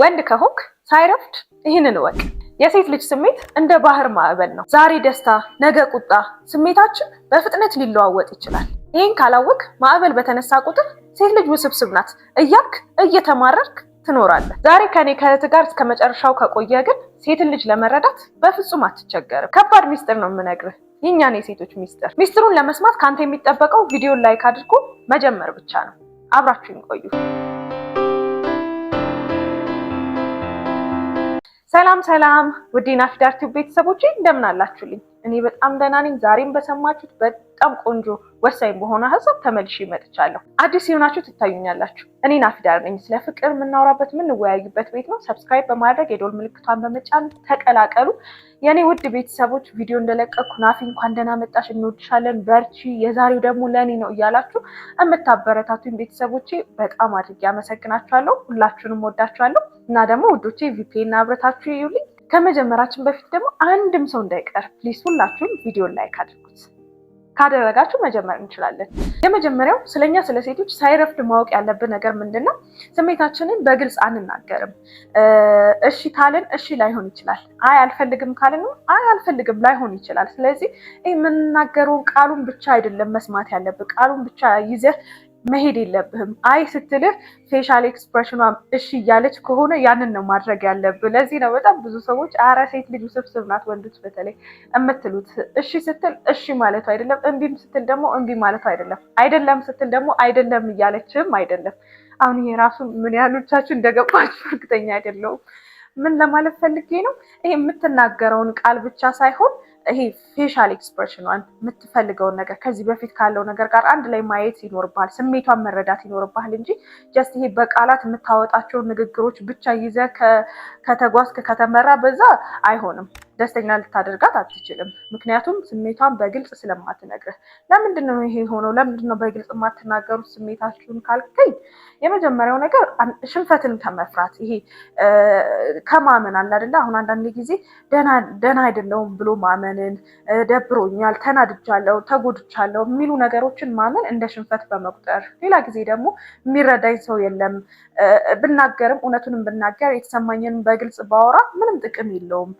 ወንድ ከሆንክ ሳይረፍድ ይህንን እወቅ። የሴት ልጅ ስሜት እንደ ባህር ማዕበል ነው። ዛሬ ደስታ፣ ነገ ቁጣ። ስሜታችን በፍጥነት ሊለዋወጥ ይችላል። ይህን ካላወቅ ማዕበል በተነሳ ቁጥር ሴት ልጅ ውስብስብ ናት እያልክ እየተማረርክ ትኖራለህ። ዛሬ ከኔ ከእህት ጋር እስከ መጨረሻው ከቆየ ግን ሴትን ልጅ ለመረዳት በፍጹም አትቸገርም። ከባድ ሚስጥር ነው የምነግርህ፣ የእኛን የሴቶች ሚስጥር። ሚስጥሩን ለመስማት ከአንተ የሚጠበቀው ቪዲዮን ላይክ አድርጎ መጀመር ብቻ ነው። አብራችሁን ይቆዩ ሰላም ሰላም ውድ ናፊዳር ቲዩብ ቤተሰቦች እንደምን አላችሁልኝ? እኔ በጣም ደህና ነኝ። ዛሬም በሰማችሁት በጣም ቆንጆ ወሳኝ በሆነ ሀሳብ ተመልሼ መጥቻለሁ። አዲስ የሆናችሁ ትታዩኛላችሁ። እኔ ናፊዳር ነኝ። ስለ ፍቅር የምናወራበት የምንወያዩበት ቤት ነው። ሰብስክራይብ በማድረግ የዶል ምልክቷን በመጫን ተቀላቀሉ። የእኔ ውድ ቤተሰቦች ቪዲዮ እንደለቀኩ ናፊ እንኳን ደህና መጣሽ፣ እንወድሻለን፣ በርቺ፣ የዛሬው ደግሞ ለእኔ ነው እያላችሁ የምታበረታቱኝ ቤተሰቦቼ በጣም አድርጌ አመሰግናችኋለሁ። ሁላችሁንም ወዳችኋለሁ። እና ደግሞ ውዶቼ ቪፒኤን አብረታችሁ ይዩልኝ። ከመጀመራችን በፊት ደግሞ አንድም ሰው እንዳይቀር ፕሊስ ሁላችሁም ቪዲዮን ላይክ አድርጉት። ካደረጋችሁ መጀመር እንችላለን። የመጀመሪያው ስለኛ ስለ ሴቶች ሳይረፍድ ማወቅ ያለብን ነገር ምንድን ነው? ስሜታችንን በግልጽ አንናገርም። እሺ ካልን እሺ ላይሆን ይችላል። አይ አልፈልግም ካልን አይ አልፈልግም ላይሆን ይችላል። ስለዚህ የምንናገረውን ቃሉን ብቻ አይደለም መስማት ያለብን፣ ቃሉን ብቻ ይዘህ መሄድ የለብህም። አይ ስትልህ ፌሻል ኤክስፕሬሽኗ እሺ እያለች ከሆነ ያንን ነው ማድረግ ያለብህ። ለዚህ ነው በጣም ብዙ ሰዎች አረ ሴት ልጅ ውስብስብ ናት ወንዶች በተለይ የምትሉት። እሺ ስትል እሺ ማለቱ አይደለም፣ እምቢም ስትል ደግሞ እምቢ ማለቱ አይደለም፣ አይደለም ስትል ደግሞ አይደለም እያለችም አይደለም። አሁን ይሄ ራሱ ምን ያህሎቻችሁ እንደገባችሁ እርግጠኛ አይደለሁም። ምን ለማለት ፈልጌ ነው ይሄ የምትናገረውን ቃል ብቻ ሳይሆን ይሄ ፌሻል ኤክስፕሬሽኗን የምትፈልገውን ነገር ከዚህ በፊት ካለው ነገር ጋር አንድ ላይ ማየት ይኖርብሃል። ስሜቷን መረዳት ይኖርብሃል እንጂ ጀስት ይሄ በቃላት የምታወጣቸው ንግግሮች ብቻ ይዘ ከተጓዝክ ከተመራ በዛ አይሆንም። ደስተኛ ልታደርጋት አትችልም። ምክንያቱም ስሜቷን በግልጽ ስለማትነግርህ። ለምንድን ነው ይሄ ሆነው? ለምንድን ነው በግልጽ የማትናገሩት ስሜታችሁን ካልከኝ፣ የመጀመሪያው ነገር ሽንፈትን ከመፍራት ይሄ ከማመን አለ አይደለ? አሁን አንዳንድ ጊዜ ደህና አይደለሁም ብሎ ማመንን፣ ደብሮኛል፣ ተናድጃለሁ፣ ተጎድቻለሁ የሚሉ ነገሮችን ማመን እንደ ሽንፈት በመቁጠር ሌላ ጊዜ ደግሞ የሚረዳኝ ሰው የለም፣ ብናገርም እውነቱንም ብናገር የተሰማኝን በግልጽ ባወራ ምንም ጥቅም የለውም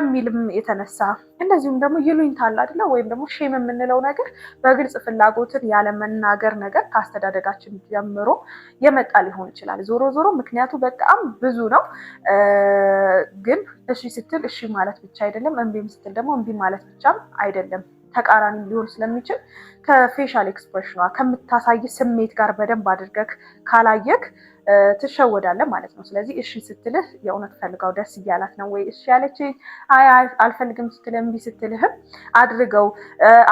ከሚልም የተነሳ እንደዚሁም ደግሞ ይሉኝታ አለ አይደለ? ወይም ደግሞ ሼም የምንለው ነገር በግልጽ ፍላጎትን ያለመናገር ነገር ከአስተዳደጋችን ጀምሮ የመጣ ሊሆን ይችላል። ዞሮ ዞሮ ምክንያቱ በጣም ብዙ ነው። ግን እሺ ስትል እሺ ማለት ብቻ አይደለም፣ እምቢም ስትል ደግሞ እምቢ ማለት ብቻም አይደለም ተቃራኒ ሊሆን ስለሚችል ከፌሻል ኤክስፕሬሽኗ ከምታሳይ ስሜት ጋር በደንብ አድርገህ ካላየክ ትሸወዳለህ ማለት ነው። ስለዚህ እሺ ስትልህ የእውነት ፈልጋው ደስ እያላት ነው ወይ እሺ ያለችኝ፣ አይ አልፈልግም ስትልህ እምቢ ስትልህም አድርገው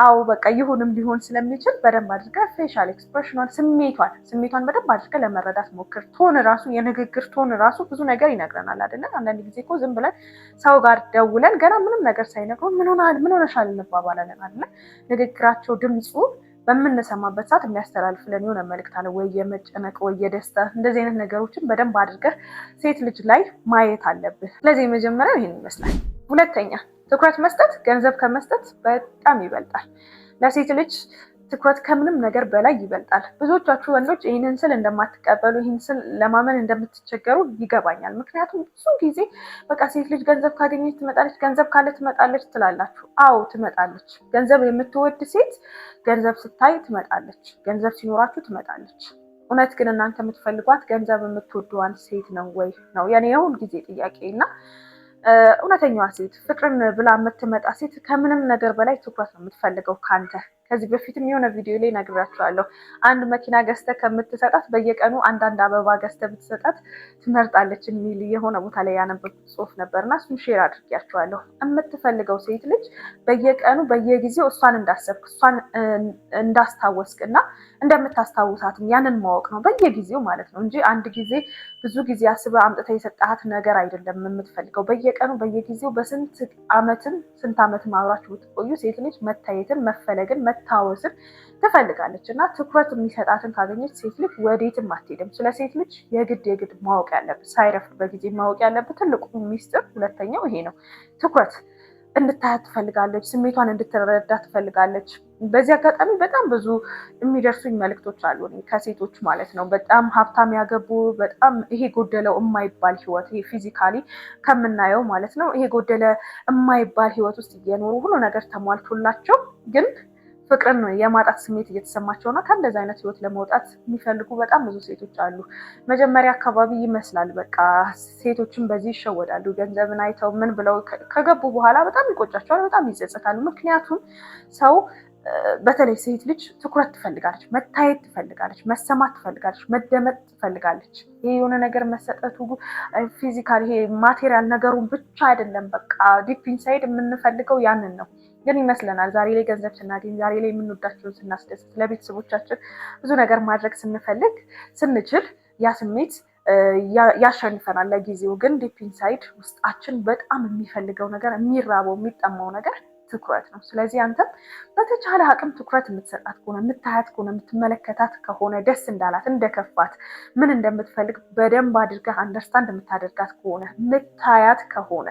አዎ በቃ ይሁንም ሊሆን ስለሚችል በደንብ አድርገህ ፌሻል ኤክስፕሬሽኗን ስሜቷን ስሜቷን በደንብ አድርገህ ለመረዳት ሞክር። ቶን ራሱ የንግግር ቶን ራሱ ብዙ ነገር ይነግረናል አይደለ? አንዳንድ ጊዜ እኮ ዝም ብለን ሰው ጋር ደውለን ገና ምንም ነገር ሳይነግሩ ምን ሆነሻል እንባባላለን አይደለ? ንግግራቸው ድምፁ በምንሰማበት ሰዓት የሚያስተላልፍልን የሆነ መልእክት አለ ወይ የመጨነቅ ወይ የደስታ እንደዚህ አይነት ነገሮችን በደንብ አድርገህ ሴት ልጅ ላይ ማየት አለብህ። ስለዚህ የመጀመሪያው ይህን ይመስላል። ሁለተኛ ትኩረት መስጠት ገንዘብ ከመስጠት በጣም ይበልጣል። ለሴት ልጅ ትኩረት ከምንም ነገር በላይ ይበልጣል። ብዙዎቻችሁ ወንዶች ይህንን ስል እንደማትቀበሉ ይህን ስል ለማመን እንደምትቸገሩ ይገባኛል። ምክንያቱም ብዙ ጊዜ በቃ ሴት ልጅ ገንዘብ ካገኘች ትመጣለች፣ ገንዘብ ካለ ትመጣለች ትላላችሁ። አዎ ትመጣለች። ገንዘብ የምትወድ ሴት ገንዘብ ስታይ ትመጣለች፣ ገንዘብ ሲኖራችሁ ትመጣለች። እውነት ግን እናንተ የምትፈልጓት ገንዘብ የምትወደዋን ሴት ነው ወይ ነው የኔ የሁል ጊዜ ጥያቄ እና እውነተኛዋ ሴት ፍቅርን ብላ የምትመጣ ሴት ከምንም ነገር በላይ ትኩረት ነው የምትፈልገው ካንተ ከዚህ በፊትም የሆነ ቪዲዮ ላይ ነግራችኋለሁ። አንድ መኪና ገዝተ ከምትሰጣት በየቀኑ አንዳንድ አበባ ገዝተ ብትሰጣት ትመርጣለች የሚል የሆነ ቦታ ላይ ያነበብኩት ጽሁፍ ነበር እና እሱን ሼር አድርጌያችኋለሁ። የምትፈልገው ሴት ልጅ በየቀኑ በየጊዜው እሷን እንዳሰብክ እሷን እንዳስታወስክ እና እንደምታስታውሳትም ያንን ማወቅ ነው በየጊዜው ማለት ነው እንጂ አንድ ጊዜ ብዙ ጊዜ አስበ አምጥታ የሰጣት ነገር አይደለም የምትፈልገው። በየቀኑ በየጊዜው በስንት አመትም ስንት አመትም አብራችሁ ብትቆዩ ሴት ልጅ መታየትን መፈለግን መታወስን ትፈልጋለች እና ትኩረት የሚሰጣትን ካገኘች ሴት ልጅ ወዴትም አትሄድም። ስለ ሴት ልጅ የግድ የግድ ማወቅ ያለብን ሳይረፍድ በጊዜ ማወቅ ያለብን ትልቁ ሚስጥር ሁለተኛው ይሄ ነው። ትኩረት እንድታያት ትፈልጋለች፣ ስሜቷን እንድትረዳ ትፈልጋለች። በዚህ አጋጣሚ በጣም ብዙ የሚደርሱኝ መልእክቶች አሉ ከሴቶች ማለት ነው። በጣም ሀብታም ያገቡ በጣም ይሄ ጎደለው የማይባል ህይወት ይሄ ፊዚካሊ ከምናየው ማለት ነው ይሄ ጎደለ የማይባል ህይወት ውስጥ እየኖሩ ሁሉ ነገር ተሟልቶላቸው ግን ፍቅርን የማጣት ስሜት እየተሰማቸው ነው። ከእንደዚህ አይነት ህይወት ለመውጣት የሚፈልጉ በጣም ብዙ ሴቶች አሉ። መጀመሪያ አካባቢ ይመስላል በቃ ሴቶችን በዚህ ይሸወዳሉ። ገንዘብን አይተው ምን ብለው ከገቡ በኋላ በጣም ይቆጫቸዋል፣ በጣም ይጸጸታሉ። ምክንያቱም ሰው በተለይ ሴት ልጅ ትኩረት ትፈልጋለች፣ መታየት ትፈልጋለች፣ መሰማት ትፈልጋለች፣ መደመጥ ትፈልጋለች። ይሄ የሆነ ነገር መሰጠቱ ፊዚካል ይሄ ማቴሪያል ነገሩን ብቻ አይደለም። በቃ ዲፕ ኢንሳይድ የምንፈልገው ያንን ነው። ግን ይመስለናል ዛሬ ላይ ገንዘብ ስናገኝ፣ ዛሬ ላይ የምንወዳቸውን ስናስደስት፣ ለቤተሰቦቻችን ብዙ ነገር ማድረግ ስንፈልግ ስንችል ያ ስሜት ያሸንፈናል። ለጊዜው ግን ዲፕ ኢንሳይድ ውስጣችን በጣም የሚፈልገው ነገር የሚራበው የሚጠማው ነገር ትኩረት ነው። ስለዚህ አንተም በተቻለ አቅም ትኩረት የምትሰጣት ከሆነ የምታያት ከሆነ የምትመለከታት ከሆነ ደስ እንዳላት እንደከፋት፣ ምን እንደምትፈልግ በደንብ አድርገህ አንደርስታንድ የምታደርጋት ከሆነ የምታያት ከሆነ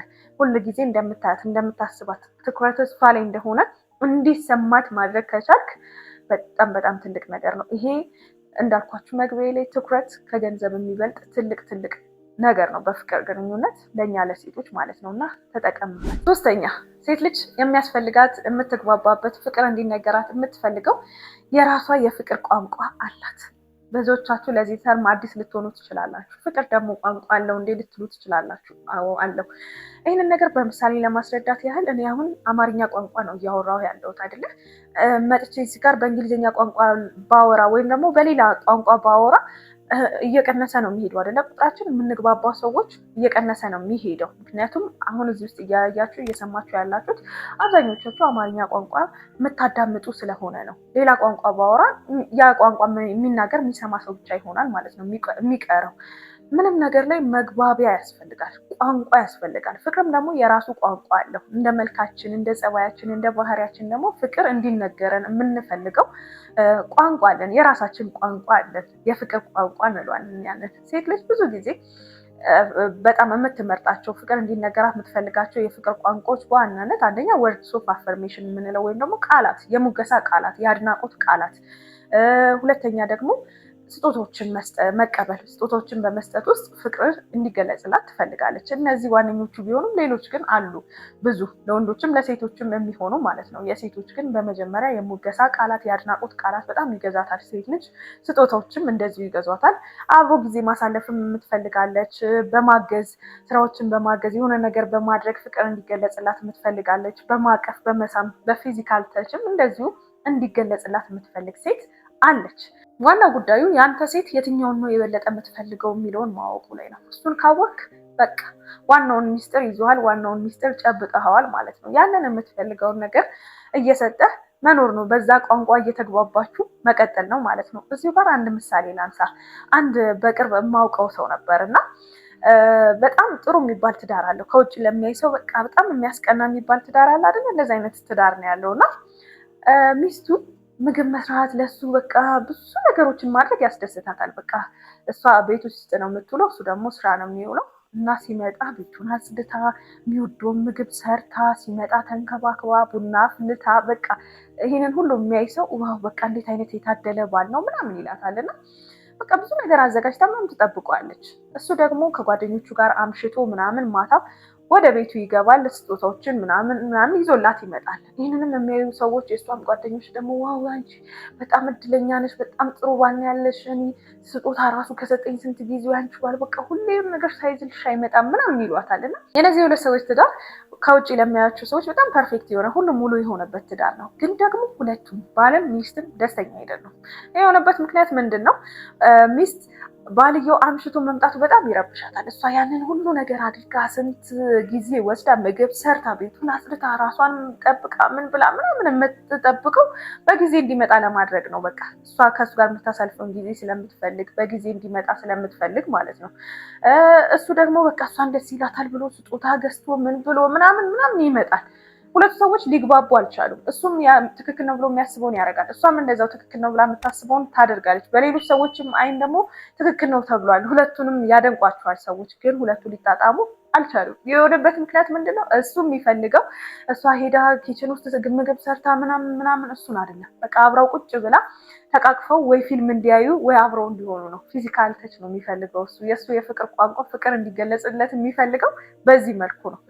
ጊዜ እንደምታያት እንደምታስባት፣ ትኩረት እሷ ላይ እንደሆነ እንዲሰማት ማድረግ ከቻልክ በጣም በጣም ትልቅ ነገር ነው ይሄ። እንዳልኳችሁ መግቢያ ላይ ትኩረት ከገንዘብ የሚበልጥ ትልቅ ትልቅ ነገር ነው በፍቅር ግንኙነት ለእኛ ለሴቶች ማለት ነው እና ተጠቀምበት። ሶስተኛ ሴት ልጅ የሚያስፈልጋት የምትግባባበት ፍቅር እንዲነገራት የምትፈልገው የራሷ የፍቅር ቋንቋ አላት። ብዙዎቻችሁ ለዚህ ተርም አዲስ ልትሆኑ ትችላላችሁ። ፍቅር ደግሞ ቋንቋ አለው እንዴ ልትሉ ትችላላችሁ። አዎ አለው። ይህንን ነገር በምሳሌ ለማስረዳት ያህል እኔ አሁን አማርኛ ቋንቋ ነው እያወራሁ ያለሁት አይደለ? መጥቼ እዚህ ጋር በእንግሊዝኛ ቋንቋ ባወራ ወይም ደግሞ በሌላ ቋንቋ ባወራ እየቀነሰ ነው የሚሄደው አይደለ? ቁጥራችን የምንግባባ ሰዎች እየቀነሰ ነው የሚሄደው። ምክንያቱም አሁን እዚህ ውስጥ እያያችሁ እየሰማችሁ ያላችሁት አብዛኞቻችሁ አማርኛ ቋንቋ የምታዳምጡ ስለሆነ ነው። ሌላ ቋንቋ ባወራ ያ ቋንቋ የሚናገር የሚሰማ ሰው ብቻ ይሆናል ማለት ነው የሚቀረው። ምንም ነገር ላይ መግባቢያ ያስፈልጋል፣ ቋንቋ ያስፈልጋል። ፍቅርም ደግሞ የራሱ ቋንቋ አለው። እንደ መልካችን፣ እንደ ጸባያችን፣ እንደ ባህሪያችን ደግሞ ፍቅር እንዲነገረን የምንፈልገው ቋንቋ አለን። የራሳችን ቋንቋ አለን። የፍቅር ቋንቋ እንለዋለን ያንን። ሴት ልጅ ብዙ ጊዜ በጣም የምትመርጣቸው ፍቅር እንዲነገራት የምትፈልጋቸው የፍቅር ቋንቋዎች በዋናነት አንደኛ ወርድስ ኦፍ አፈርሜሽን የምንለው ወይም ደግሞ ቃላት፣ የሙገሳ ቃላት፣ የአድናቆት ቃላት ሁለተኛ ደግሞ ስጦታዎችን መቀበል ስጦታዎችን በመስጠት ውስጥ ፍቅር እንዲገለጽላት ትፈልጋለች። እነዚህ ዋነኞቹ ቢሆኑም ሌሎች ግን አሉ ብዙ ለወንዶችም ለሴቶችም የሚሆኑ ማለት ነው። የሴቶች ግን በመጀመሪያ የሙገሳ ቃላት፣ የአድናቆት ቃላት በጣም ይገዛታል ሴት ልጅ። ስጦታዎችም እንደዚሁ ይገዟታል። አብሮ ጊዜ ማሳለፍም የምትፈልጋለች። በማገዝ ስራዎችን በማገዝ የሆነ ነገር በማድረግ ፍቅር እንዲገለጽላት የምትፈልጋለች። በማቀፍ በመሳም በፊዚካል ተችም እንደዚሁ እንዲገለጽላት የምትፈልግ ሴት አለች። ዋና ጉዳዩ የአንተ ሴት የትኛውን ነው የበለጠ የምትፈልገው የሚለውን ማወቁ ላይ ነው። እሱን ካወቅ በቃ ዋናውን ሚስጥር ይዘሃል፣ ዋናውን ሚስጥር ጨብጠኸዋል ማለት ነው። ያንን የምትፈልገውን ነገር እየሰጠህ መኖር ነው። በዛ ቋንቋ እየተግባባችሁ መቀጠል ነው ማለት ነው። እዚሁ ጋር አንድ ምሳሌ ላንሳ። አንድ በቅርብ የማውቀው ሰው ነበር እና በጣም ጥሩ የሚባል ትዳር አለው። ከውጭ ለሚያይ ሰው በቃ በጣም የሚያስቀና የሚባል ትዳር አለ አይደል? እንደዚህ አይነት ትዳር ነው ያለው እና ሚስቱ ምግብ መስራት ለሱ በቃ ብዙ ነገሮችን ማድረግ ያስደስታታል። በቃ እሷ ቤት ውስጥ ነው የምትውለው፣ እሱ ደግሞ ስራ ነው የሚውለው እና ሲመጣ ቤቱን አጽድታ የሚወደውን ምግብ ሰርታ ሲመጣ ተንከባክባ ቡና ፍልታ በቃ ይህንን ሁሉ የሚያይ ሰው ዋው በቃ እንዴት አይነት የታደለ ባል ነው ምናምን ይላታል እና በቃ ብዙ ነገር አዘጋጅታ ምናምን ትጠብቀዋለች። እሱ ደግሞ ከጓደኞቹ ጋር አምሽቶ ምናምን ማታ ወደ ቤቱ ይገባል። ስጦታዎችን ምናምን ምናምን ይዞላት ይመጣል። ይህንንም የሚያዩ ሰዎች የእሷም ጓደኞች ደግሞ ዋው አንቺ በጣም እድለኛ ነች፣ በጣም ጥሩ ባል ያለሽ፣ እኔ ስጦታ ራሱ ከሰጠኝ ስንት ጊዜ አንቺ ባል በቃ ሁሌም ነገር ሳይዝልሽ አይመጣም ምናምን ይሏታል። እና የነዚህ ሁለት ሰዎች ትዳር ከውጭ ለሚያያቸው ሰዎች በጣም ፐርፌክት የሆነ ሁሉም ሙሉ የሆነበት ትዳር ነው። ግን ደግሞ ሁለቱም ባልም ሚስትም ደስተኛ አይደሉም። የሆነበት ምክንያት ምንድን ነው? ሚስት ባልየው አምሽቶ መምጣቱ በጣም ይረብሻታል። እሷ ያንን ሁሉ ነገር አድርጋ ስንት ጊዜ ወስዳ ምግብ ሰርታ ቤቱን አጽድታ፣ ራሷን ጠብቃ ምን ብላ ምናምን የምትጠብቀው በጊዜ እንዲመጣ ለማድረግ ነው። በቃ እሷ ከእሱ ጋር የምታሳልፈውን ጊዜ ስለምትፈልግ በጊዜ እንዲመጣ ስለምትፈልግ ማለት ነው። እሱ ደግሞ በቃ እሷን ደስ ይላታል ብሎ ስጦታ ገዝቶ ምን ብሎ ምናምን ምናምን ይመጣል። ሁለቱ ሰዎች ሊግባቡ አልቻሉም። እሱም ትክክል ነው ብሎ የሚያስበውን ያደርጋል፣ እሷም እንደዛው ትክክል ነው ብላ የምታስበውን ታደርጋለች። በሌሎች ሰዎችም አይን ደግሞ ትክክል ነው ተብሏል። ሁለቱንም ያደንቋቸዋል ሰዎች፣ ግን ሁለቱ ሊጣጣሙ አልቻሉም። የሆነበት ምክንያት ምንድን ነው? እሱ የሚፈልገው እሷ ሄዳ ኪችን ውስጥ ምግብ ሰርታ ምናምን ምናምን እሱን አይደለም። በቃ አብረው ቁጭ ብላ ተቃቅፈው ወይ ፊልም እንዲያዩ ወይ አብረው እንዲሆኑ ነው። ፊዚካል ተች ነው የሚፈልገው እሱ። የእሱ የፍቅር ቋንቋ ፍቅር እንዲገለጽለት የሚፈልገው በዚህ መልኩ ነው።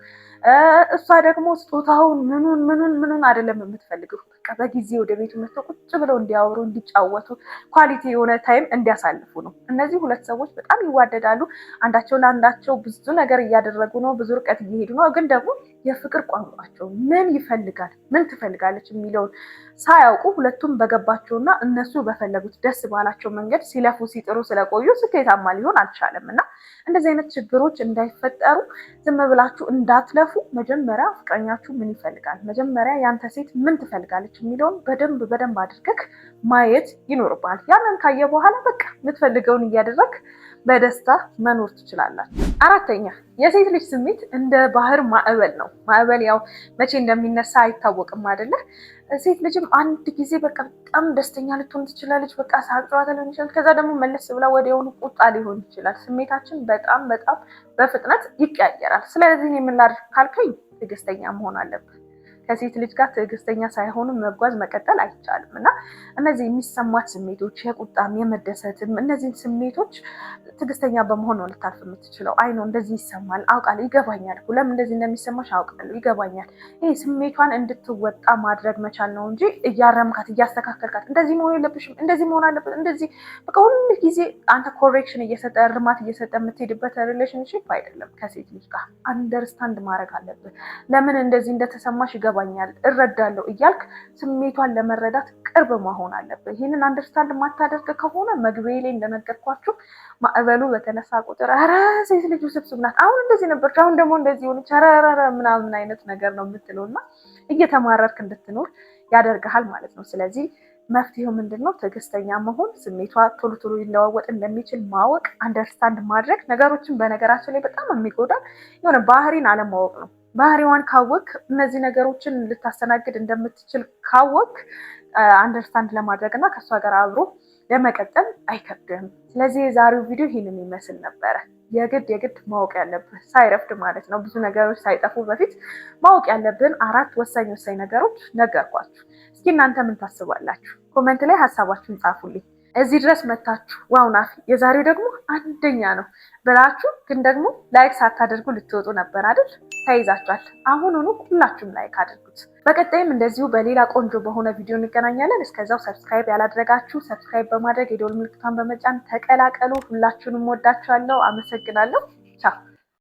እሷ ደግሞ ስጦታውን ምኑን ምኑን ምኑን አይደለም የምትፈልገው። በቃ በጊዜ ወደ ቤቱ መጥተው ቁጭ ብለው እንዲያወሩ፣ እንዲጫወቱ፣ ኳሊቲ የሆነ ታይም እንዲያሳልፉ ነው። እነዚህ ሁለት ሰዎች በጣም ይዋደዳሉ። አንዳቸው ለአንዳቸው ብዙ ነገር እያደረጉ ነው፣ ብዙ ርቀት እየሄዱ ነው። ግን ደግሞ የፍቅር ቋንቋቸው ምን ይፈልጋል፣ ምን ትፈልጋለች የሚለውን ሳያውቁ ሁለቱም በገባቸውና እነሱ በፈለጉት ደስ ባላቸው መንገድ ሲለፉ ሲጥሩ ስለቆዩ ስኬታማ ሊሆን አልቻለም እና እንደዚህ አይነት ችግሮች እንዳይፈጠሩ ዝም ብላችሁ እንዳትለፉ መጀመሪያ ፍቅረኛችሁ ምን ይፈልጋል፣ መጀመሪያ ያንተ ሴት ምን ትፈልጋለች የሚለውን በደንብ በደንብ አድርገህ ማየት ይኖርባል። ያንን ካየ በኋላ በቃ የምትፈልገውን እያደረግ በደስታ መኖር ትችላላችሁ። አራተኛ የሴት ልጅ ስሜት እንደ ባህር ማዕበል ነው። ማዕበል ያው መቼ እንደሚነሳ አይታወቅም አይደለ? ሴት ልጅም አንድ ጊዜ በቃ በጣም ደስተኛ ልትሆን ትችላለች። በቃ ሳቅ ጨዋታ ሊሆን ይችላል። ከዛ ደግሞ መለስ ብላ ወደ የሆኑ ቁጣ ሊሆን ይችላል። ስሜታችን በጣም በጣም በፍጥነት ይቀያየራል። ስለዚህ የምላርፍ ካልከኝ ትዕግስተኛ መሆን አለብን። ከሴት ልጅ ጋር ትዕግስተኛ ሳይሆኑ መጓዝ መቀጠል አይቻልም እና እነዚህ የሚሰማት ስሜቶች የቁጣም የመደሰትም እነዚህን ስሜቶች ትዕግስተኛ በመሆን ነው ልታልፍ የምትችለው። አይ ነው እንደዚህ ይሰማል፣ አውቃለሁ፣ ይገባኛል፣ ሁለም እንደዚህ እንደሚሰማሽ አውቃለሁ፣ ይገባኛል። ይህ ስሜቷን እንድትወጣ ማድረግ መቻል ነው እንጂ እያረምካት እያስተካከልካት እንደዚህ መሆን የለብሽም፣ እንደዚህ መሆን አለበት፣ እንደዚህ በቃ ሁሉ ጊዜ አንተ ኮሬክሽን እየሰጠ እርማት እየሰጠ የምትሄድበት ሪሌሽንሽፕ አይደለም። ከሴት ልጅ ጋር አንደርስታንድ ማድረግ አለብን። ለምን እንደዚህ እንደተሰማሽ ይገባ ይገባኛል፣ እረዳለሁ እያልክ ስሜቷን ለመረዳት ቅርብ መሆን አለብህ። ይህንን አንደርስታንድ የማታደርግ ከሆነ መግቢያ ላይ እንደነገርኳችሁ ማዕበሉ በተነሳ ቁጥር ኧረ ሴት ልጅ ውስብስብ ናት፣ አሁን እንደዚህ ነበረች፣ አሁን ደግሞ እንደዚህ ሆነች፣ ኧረ ምናምን አይነት ነገር ነው የምትለው እና እየተማረርክ እንድትኖር ያደርግሃል ማለት ነው። ስለዚህ መፍትሄው ምንድን ነው? ትዕግስተኛ መሆን፣ ስሜቷ ቶሎ ቶሎ ሊለዋወጥ እንደሚችል ማወቅ፣ አንደርስታንድ ማድረግ። ነገሮችን በነገራችን ላይ በጣም የሚጎዳ የሆነ ባህሪን አለማወቅ ነው። ባህሪዋን ካወቅ፣ እነዚህ ነገሮችን ልታስተናግድ እንደምትችል ካወቅ፣ አንደርስታንድ ለማድረግ እና ከእሷ ጋር አብሮ ለመቀጠል አይከብድም። ስለዚህ የዛሬው ቪዲዮ ይህንን ይመስል ነበረ። የግድ የግድ ማወቅ ያለብን ሳይረፍድ ማለት ነው፣ ብዙ ነገሮች ሳይጠፉ በፊት ማወቅ ያለብን አራት ወሳኝ ወሳኝ ነገሮች ነገርኳችሁ። እስኪ እናንተ ምን ታስባላችሁ? ኮመንት ላይ ሀሳባችሁን ጻፉልኝ። እዚህ ድረስ መታችሁ ዋው ናፊ የዛሬው ደግሞ አንደኛ ነው ብላችሁ ግን ደግሞ ላይክ ሳታደርጉ ልትወጡ ነበር አይደል? ተይዛችኋል። አሁኑኑ ሁላችሁም ላይክ አድርጉት። በቀጣይም እንደዚሁ በሌላ ቆንጆ በሆነ ቪዲዮ እንገናኛለን። እስከዛው ሰብስክራይብ ያላደረጋችሁ ሰብስክራይብ በማድረግ የደወል ምልክቷን በመጫን ተቀላቀሉ። ሁላችሁንም ወዳችኋለሁ። አመሰግናለሁ። ቻው